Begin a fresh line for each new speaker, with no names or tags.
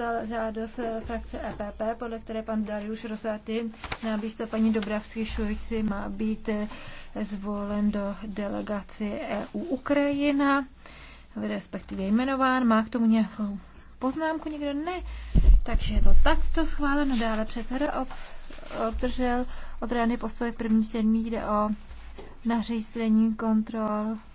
dostal žádost eh, frakce EPP, podle které pan Darius Rosati na místo paní Dobravsky Šujci má být eh, zvolen do delegaci EU Ukrajina, respektive jmenován. Má k tomu nějakou poznámku nikdo? Ne. Takže je to takto schváleno. Dále předseda ob, obdržel od rány postoj v první čtení, jde o nařízení kontrol